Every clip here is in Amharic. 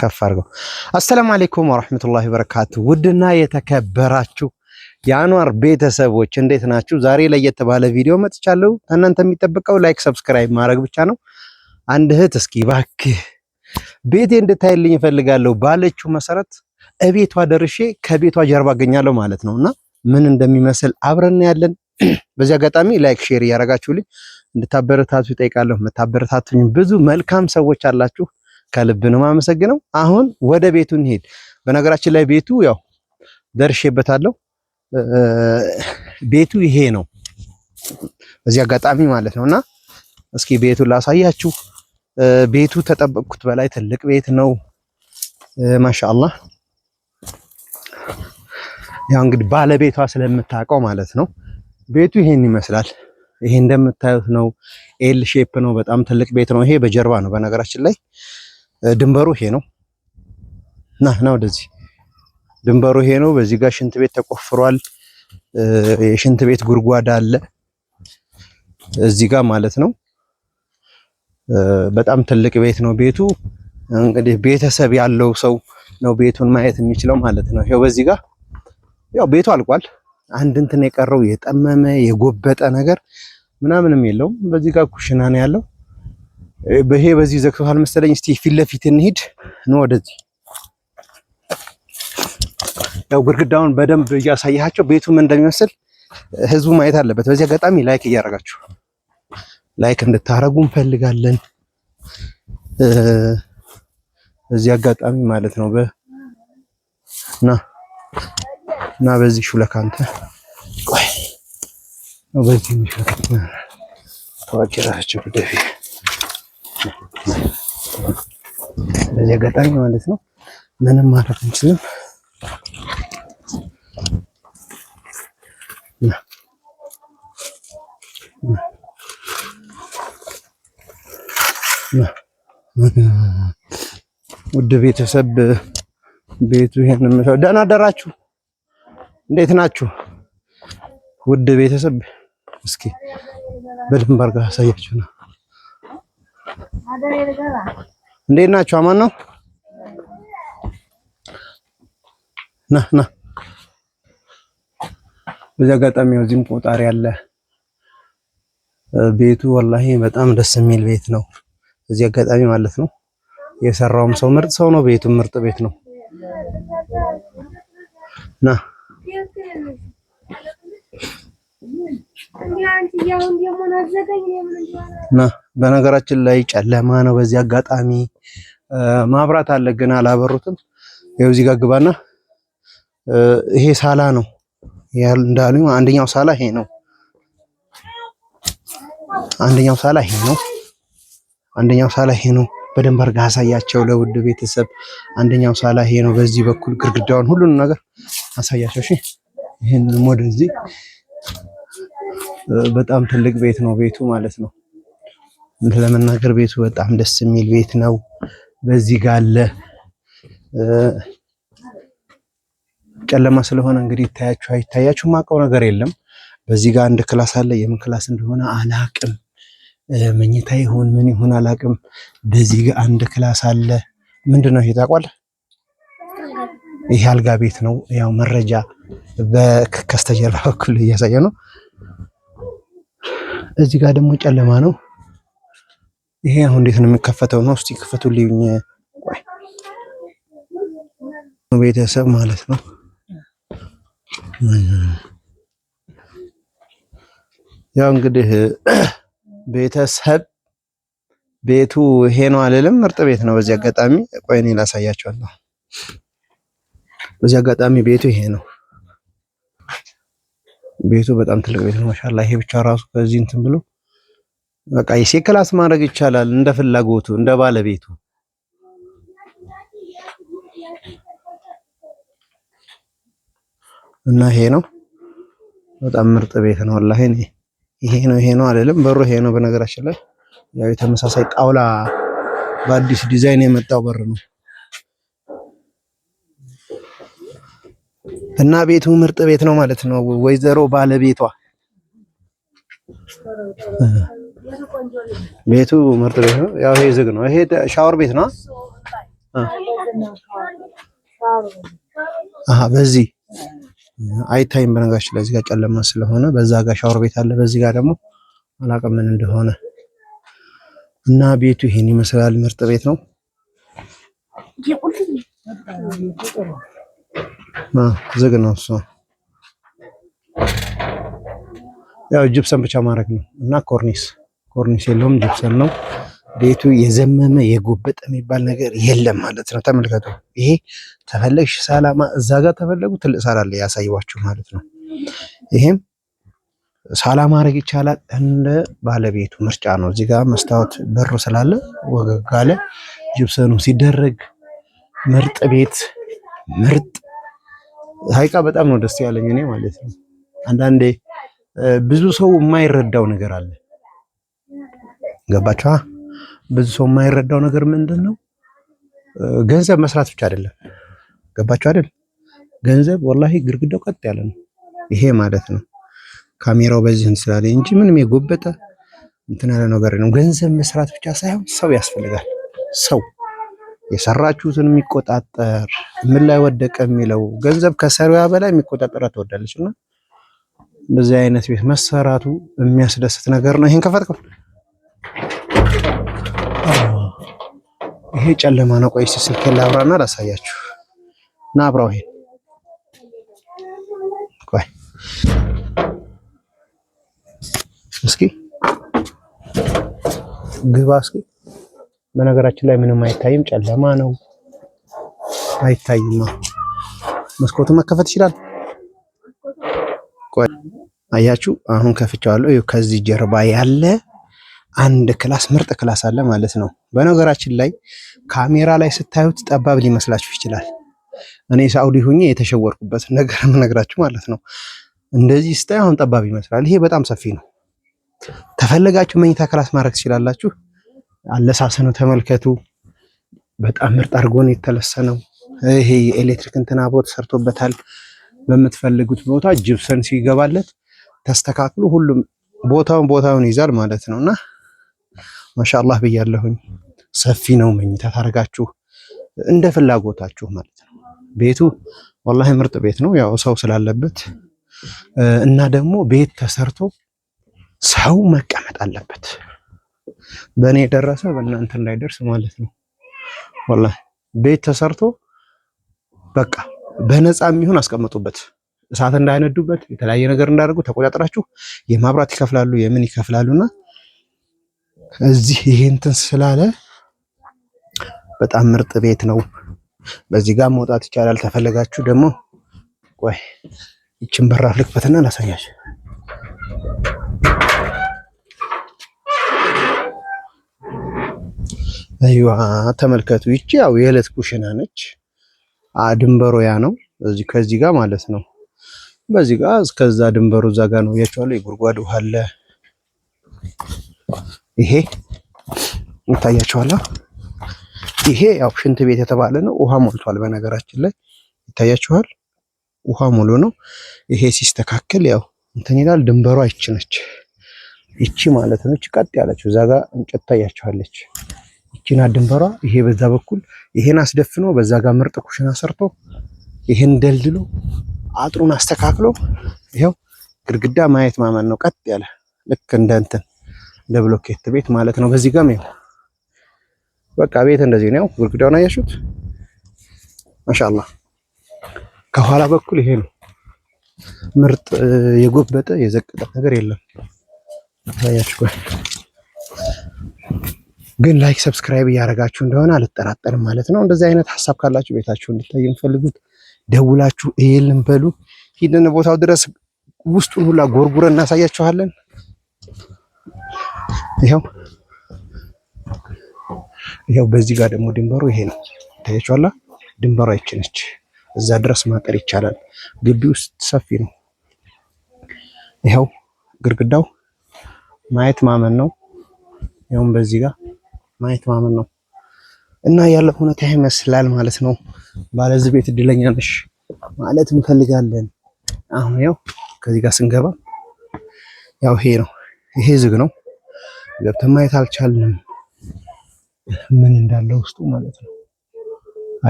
ከፍ አድርገው። አሰላሙ አሌይኩም ወረህመቱላሂ ወበረካቱ። ውድና የተከበራችሁ የአኗር ቤተሰቦች እንዴት ናችሁ? ዛሬ ለየት ባለ ቪዲዮ መጥቻለሁ። ከእናንተ የሚጠብቀው ላይክ፣ ሰብስክራይብ ማድረግ ብቻ ነው። አንድ እህት እስኪ እባክህ ቤቴ እንድታይልኝ እፈልጋለሁ ባለችው መሰረት እቤቷ ደርሼ ከቤቷ ጀርባ አገኛለሁ ማለት ነው እና ምን እንደሚመስል አብረን ያለን በዚህ አጋጣሚ ላይክ ሼር እያደረጋችሁልኝ እንድታበረታቱ ይጠይቃለሁ። የምታበረታቱኝ ብዙ መልካም ሰዎች አላችሁ። ከልብ ነው የማመሰግነው። አሁን ወደ ቤቱ እንሄድ። በነገራችን ላይ ቤቱ ያው ደርሼበታለሁ። ቤቱ ይሄ ነው በዚህ አጋጣሚ ማለት ነውና እስኪ ቤቱ ላሳያችሁ። ቤቱ ተጠበቅኩት በላይ ትልቅ ቤት ነው። ማሻአላህ ያው እንግዲህ ባለቤቷ ስለምታውቀው ማለት ነው። ቤቱ ይሄን ይመስላል። ይሄ እንደምታዩት ነው። ኤል ሼፕ ነው። በጣም ትልቅ ቤት ነው። ይሄ በጀርባ ነው በነገራችን ላይ ድንበሩ ይሄ ነው። ና ና ወደዚህ ድንበሩ ይሄ ነው። በዚህ ጋር ሽንት ቤት ተቆፍሯል። የሽንት ቤት ጉድጓድ አለ እዚህ ጋር ማለት ነው። በጣም ትልቅ ቤት ነው ቤቱ። እንግዲህ ቤተሰብ ያለው ሰው ነው ቤቱን ማየት የሚችለው ማለት ነው። ይሄው በዚህ ጋር ያው ቤቱ አልቋል። አንድ እንትን የቀረው የጠመመ የጎበጠ ነገር ምናምንም የለውም። በዚህ ጋር ኩሽና ነው ያለው። ይሄ በዚህ ዘግቶታል መሰለኝ። እስቲ ፊት ለፊት እንሂድ ነው ወደዚህ። ያው ግድግዳውን በደንብ እያሳያቸው ቤቱ ምን እንደሚመስል ህዝቡ ማየት አለበት። በዚህ አጋጣሚ ላይክ እያደረጋችሁ ላይክ እንድታረጉ እንፈልጋለን። በዚህ አጋጣሚ ማለት ነው። በና እና በዚህ ሹለካ አንተ ቆይ ነው በዚህ ሹለካ ታዋቂ ራሳቸው ደፊ በዚህ አጋጣሚ ማለት ነው ምንም ማለት አንችልም። ውድ ቤተሰብ ቤቱ ይሄን ምሰው ደህና አደራችሁ፣ እንዴት ናችሁ? ውድ ቤተሰብ እስኪ በደንብ አድርጋ አሳያችሁ ነው። እንዴት ናችሁ? አማን ነው። ና ና በዚህ አጋጣሚ እዚህም ቆጣሪ አለ። ቤቱ ወላሂ በጣም ደስ የሚል ቤት ነው። እዚህ አጋጣሚ ማለት ነው የሰራውም ሰው ምርጥ ሰው ነው። ቤቱም ምርጥ ቤት ነው። ና በነገራችን ላይ ጨለማ ነው። በዚህ አጋጣሚ ማብራት አለ ግን አላበሩትም። ይኸው እዚህ ጋር ግባና ይሄ ሳላ ነው እንዳሉኝ። አንደኛው ሳላ ይሄ ነው። አንደኛው ሳላ ይሄ ነው። አንደኛው ሳላ ይሄ ነው። በደንብ አድርጋ አሳያቸው ለውድ ቤተሰብ። አንደኛው ሳላ ይሄ ነው። በዚህ በኩል ግድግዳውን ሁሉንም ነገር አሳያቸው። እሺ ይሄን ወደዚህ በጣም ትልቅ ቤት ነው ቤቱ ማለት ነው። ለመናገር ቤቱ በጣም ደስ የሚል ቤት ነው። በዚህ ጋር አለ። ጨለማ ስለሆነ እንግዲህ ይታያችሁ አይታያችሁ ማቀው ነገር የለም። በዚህ ጋር አንድ ክላስ አለ። የምን ክላስ እንደሆነ አላቅም። መኝታ ይሁን ምን ይሁን አላቅም። በዚህ ጋር አንድ ክላስ አለ። ምንድን ነው ይሄ ይሄ አልጋ ቤት ነው። ያው መረጃ በከስተጀርባ በኩል እያሳየ ነው። እዚህ ጋር ደግሞ ጨለማ ነው። ይሄ አሁን እንዴት ነው የሚከፈተው? ነው እስቲ ክፈቱልኝ ቤተሰብ ማለት ነው። ያው እንግዲህ ቤተሰብ ቤቱ ይሄ ነው አልልም፣ ምርጥ ቤት ነው። በዚህ አጋጣሚ ቆይ እኔ ላሳያቸዋለሁ። በዚህ አጋጣሚ ቤቱ ይሄ ነው። ቤቱ በጣም ትልቅ ቤት ነው። ማሻላ ይሄ ብቻ ራሱ ከዚህ እንትን ብሎ በቃ የሴ ክላስ ማድረግ ይቻላል፣ እንደ ፍላጎቱ እንደ ባለቤቱ። እና ይሄ ነው በጣም ምርጥ ቤት ነው። ወላሂ ይሄ ነው ይሄ ነው አይደለም፣ በሩ ይሄ ነው። በነገራችን ላይ ያው የተመሳሳይ ጣውላ በአዲስ ዲዛይን የመጣው በር ነው። እና ቤቱ ምርጥ ቤት ነው ማለት ነው። ወይዘሮ ባለቤቷ ቤቱ ምርጥ ቤት ነው። ያው ይሄ ዝግ ነው። ይሄ ሻወር ቤት ነው። አሃ በዚህ አይታይም። በነጋችን ላይ እዚህ ጋር ጨለማ ስለሆነ በዛ ጋር ሻወር ቤት አለ። በዚህ ጋር ደግሞ አላውቅም ምን እንደሆነ እና ቤቱ ይሄን ይመስላል። ምርጥ ቤት ነው። ዝግ ነው እሱ። ያው ጅብሰን ብቻ ማድረግ ነው እና ኮርኒስ ኮርኒስ የለውም፣ ጅብሰን ነው ቤቱ። የዘመመ የጎበጠ የሚባል ነገር የለም ማለት ነው። ተመልከቱ። ይሄ ተፈለግሽ ሳላማ እዛ ጋር ተፈለጉ ትልቅ ሳላ አለ ያሳይዋችሁ ማለት ነው። ይሄም ሳላ ማድረግ ይቻላል እንደ ባለቤቱ ምርጫ ነው። እዚህ ጋር መስታወት በሩ ስላለ ወገግ አለ። ጅብሰኑ ሲደረግ ምርጥ ቤት ምርጥ ሀይቃ በጣም ነው ደስ ያለኝ እኔ ማለት ነው። አንዳንዴ ብዙ ሰው የማይረዳው ነገር አለ። ገባችሁ? ብዙ ሰው የማይረዳው ነገር ምንድን ነው? ገንዘብ መስራት ብቻ አይደለም። ገባችሁ አይደል? ገንዘብ ወላሂ ግድግዳው ቀጥ ያለ ነው። ይሄ ማለት ነው ካሜራው በዚህ ስላለ እንጂ ምንም የጎበጠ እንትን ያለ ነገር ነው። ገንዘብ መስራት ብቻ ሳይሆን ሰው ያስፈልጋል ሰው የሰራችሁትን የሚቆጣጠር ምን ላይ ወደቀ የሚለው ገንዘብ ከሰሪዋ በላይ የሚቆጣጠር ትወዳለች። እና እንደዚህ አይነት ቤት መሰራቱ የሚያስደስት ነገር ነው። ይሄን ከፈትከው። ይሄ ጨለማ ነው። ቆይ ስልኬን ላብራና ላሳያችሁ እና አብራው ይሄን ቆይ እስኪ ግባ እስኪ በነገራችን ላይ ምንም አይታይም፣ ጨለማ ነው፣ አይታይም። መስኮቱ መከፈት ይችላል። አያችሁ፣ አሁን ከፍቼዋለሁ። ይኸው ከዚህ ጀርባ ያለ አንድ ክላስ ምርጥ ክላስ አለ ማለት ነው። በነገራችን ላይ ካሜራ ላይ ስታዩት ጠባብ ሊመስላችሁ ይችላል። እኔ ሳውዲ ሁኜ የተሸወርኩበት ነገር የምነግራችሁ ማለት ነው። እንደዚህ ስታዩ አሁን ጠባብ ይመስላል። ይሄ በጣም ሰፊ ነው። ተፈለጋችሁ መኝታ ክላስ ማድረግ ትችላላችሁ። አለሳሰኑ ተመልከቱ። በጣም ምርጥ አድርጎን የተለሰነው ይሄ የኤሌክትሪክ እንትና ቦት ሰርቶበታል። በምትፈልጉት ቦታ ጅብሰን ሲገባለት ተስተካክሎ ሁሉም ቦታውን ቦታውን ይዛል ማለት ነው እና ማሻአላህ ብያለሁኝ። ሰፊ ነው መኝታ ታደርጋችሁ እንደ ፍላጎታችሁ ማለት ነው። ቤቱ ወላሂ ምርጥ ቤት ነው፣ ያው ሰው ስላለበት እና ደግሞ ቤት ተሰርቶ ሰው መቀመጥ አለበት። በእኔ የደረሰ በእናንተ እንዳይደርስ ማለት ነው። ወላሂ ቤት ተሰርቶ በቃ በነፃ የሚሆን አስቀምጡበት። እሳት እንዳይነዱበት የተለያየ ነገር እንዳደርጉ ተቆጣጥራችሁ የማብራት ይከፍላሉ የምን ይከፍላሉና እዚህ እንትን ስላለ በጣም ምርጥ ቤት ነው። በዚህ ጋር መውጣት ይቻላል። ተፈለጋችሁ ደግሞ ቆይ ይችን በራፍ ልክፈትና ላሳያችሁ። ይዋ ተመልከቱ። ይቺ ያው የዕለት ኩሽና ነች። ድንበሩ ያ ነው። እዚህ ከዚህ ጋር ማለት ነው። በዚህ ጋር እስከዛ ድንበሩ እዛ ጋር ነው ያቻለ የጉድጓድ ውሃ አለ። ይሄ ይታያችኋል። ይሄ ያው ሽንት ቤት የተባለ ነው። ውሃ ሞልቷል። በነገራችን ላይ ይታያችኋል፣ ውሃ ሙሉ ነው። ይሄ ሲስተካከል ያው እንትን ይላል። ድንበሯ ይቺ ነች። ይቺ ማለት ነው። ቀጥ ያለችው እዛ ጋር እንጨት ታያችኋለች። ይችና ድንበሯ ይሄ በዛ በኩል ይሄን አስደፍኖ በዛ ጋር ምርጥ ኩሽና ሰርቶ ይሄን ደልድሎ አጥሩን አስተካክሎ ይኸው ግድግዳ ማየት ማመን ነው። ቀጥ ያለ ልክ እንደ እንትን እንደ ብሎኬት ቤት ማለት ነው። በዚህ ጋር ነው በቃ ቤት እንደዚህ ነው። ግድግዳውን አያችሁት? ማሻአላ ከኋላ በኩል ይሄ ነው። ምርጥ የጎበጠ የዘቀጠ ነገር የለም። አያችሁ ግን ላይክ ሰብስክራይብ እያደረጋችሁ እንደሆነ አልጠራጠርም ማለት ነው። እንደዚህ አይነት ሀሳብ ካላችሁ ቤታችሁ እንድታይ የምፈልጉት ደውላችሁ ይሄልን በሉ። ሂደን ቦታው ድረስ ውስጡን ሁላ ጎርጉረን እናሳያችኋለን። ይኸው ይኸው በዚህ ጋር ደግሞ ድንበሩ ይሄ ነው። ታያችኋላ። ድንበሯ ይችነች። እዛ ድረስ ማቀር ይቻላል። ግቢ ውስጥ ሰፊ ነው። ይኸው ግድግዳው ማየት ማመን ነው። ይኸውም በዚህ ጋር ማየት ማመን ነው እና ያለው ሁኔታ ይመስላል ማለት ነው። ባለዚህ ቤት እድለኛ ነሽ ማለት እንፈልጋለን። አሁን ያው ከዚህ ጋር ስንገባ ያው ይሄ ነው፣ ይሄ ዝግ ነው። ገብተን ማየት አልቻልንም፣ ምን እንዳለ ውስጡ ማለት ነው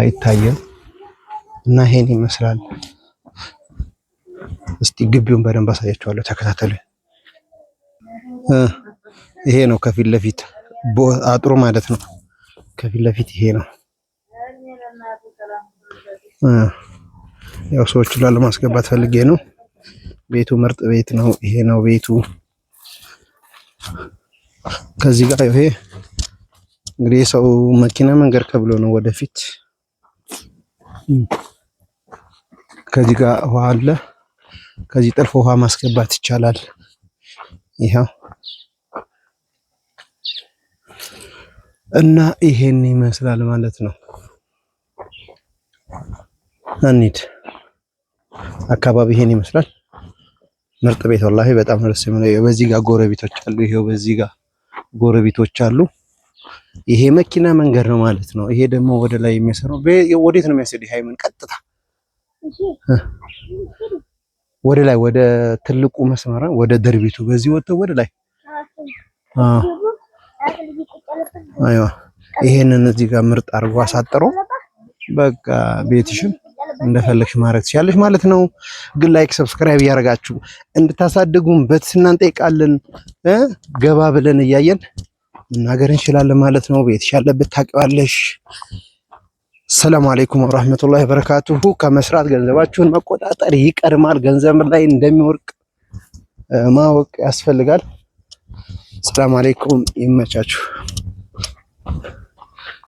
አይታየም። እና ይሄን ይመስላል። እስቲ ግቢውን በደንብ አሳያቸዋለሁ፣ ተከታተሉ። ይሄ ነው ከፊት ለፊት አጥሩ ማለት ነው። ከፊት ለፊት ይሄ ነው። ያው ሰዎች ለማስገባት ፈልጌ ነው። ቤቱ ምርጥ ቤት ነው። ይሄ ነው ቤቱ። ከዚህ ጋር ይሄ እንግዲህ የሰው መኪና መንገድ ከብሎ ነው ወደፊት። ከዚህ ጋር ውሃ አለ። ከዚህ ጠልፎ ውሃ ማስገባት ይቻላል። ይሄው እና ይሄን ይመስላል ማለት ነው። አንድ አካባቢ ይሄን ይመስላል። ምርጥ ቤት ወላሂ በጣም ደስ የሚለው። በዚህ ጋር ጎረቤቶች አሉ። ይሄው በዚህ ጋር ጎረቤቶች አሉ። ይሄ መኪና መንገድ ነው ማለት ነው። ይሄ ደግሞ ወደ ላይ የሚያሰራው ወዴት ነው የሚያሰድ? ይሄ ምን ቀጥታ ወደ ላይ ወደ ትልቁ መስመር ወደ ደርቢቱ በዚህ ወጥተው ወደ ላይ አዎ ይሄንን እዚህ ጋር ምርጥ አድርጎ አሳጥሮ በቃ ቤትሽን እንደፈለግሽ ማድረግ ትችላለሽ ማለት ነው። ግን ላይክ ሰብስክራይብ እያደረጋችሁ እንድታሳድጉን በትህትና እንጠይቃለን። ገባ ብለን እያየን መናገር እንችላለን ማለት ነው። ቤትሽ ያለበት ታውቂዋለሽ። ሰላም አለይኩም ወራህመቱላሂ ወበረካቱሁ። ከመስራት ገንዘባችሁን መቆጣጠር ይቀድማል። ገንዘብ ላይ እንደሚወርቅ ማወቅ ያስፈልጋል። ሰላም አሌይኩም፣ ይመቻችሁ።